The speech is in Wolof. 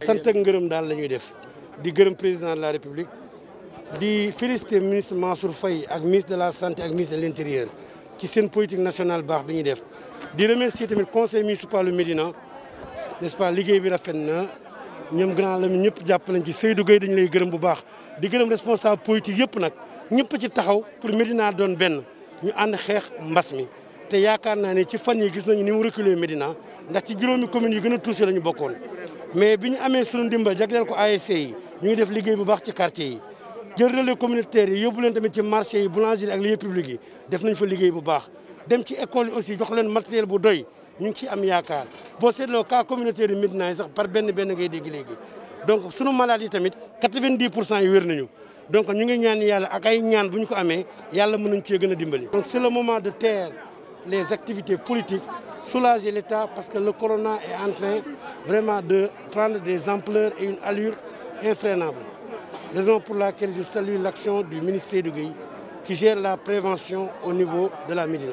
sant ak ngërëm daal la ñuy def di gërëm président de la république di féliciter ministre Mansour Faye ak ministre de la santé ak ministre de l'intérieur ci seen politique nationale baax bi ñuy def di remercier tamit conseil municipal lu Médina nest pas liggéey bi rafet na ñoom grand la ñëpp jàpp nañ ci Seydou Gueye dañu lay gërëm bu baax di gërëm responsable politique yëpp nag ñëpp ci taxaw pour Médina doon benn ñu ànd xeex mbas mi te yaakaar naa ne ci fan yi gis nañu ni mu reculé Médina ndax ci juróomi communes yi gën a touché la ñu bokkoon mais bi ñu amee sunu ndimbal jagleel ko ASC yi ñu ngi def liggéey bu baax ci quartier yi jël relais communautaire yi yóbbu leen tamit ci marché yi boulangerie ak lieu public yi def nañ fa liggéey bu baax dem ci école yi aussi jox leen matériel bu doy ñu ngi ciy am yaakaar boo seetloo cas communautaire yi Médina yi sax par benn benn ngay dégg léegi donc sunu malade yi tamit 90 pour cent yi wér nañu donc ñu ngi ñaan yàlla ak ay ñaan bu ñu ko amee yàlla mënuñ cee gën a dimbali donc c'est moment de terre les activités politiques, soulager l'État parce que le corona est en train vraiment de prendre des ampleurs et une allure infrénable. Raison pour laquelle je salue l'action du ministère de Guy qui gère la prévention au niveau de la Médina.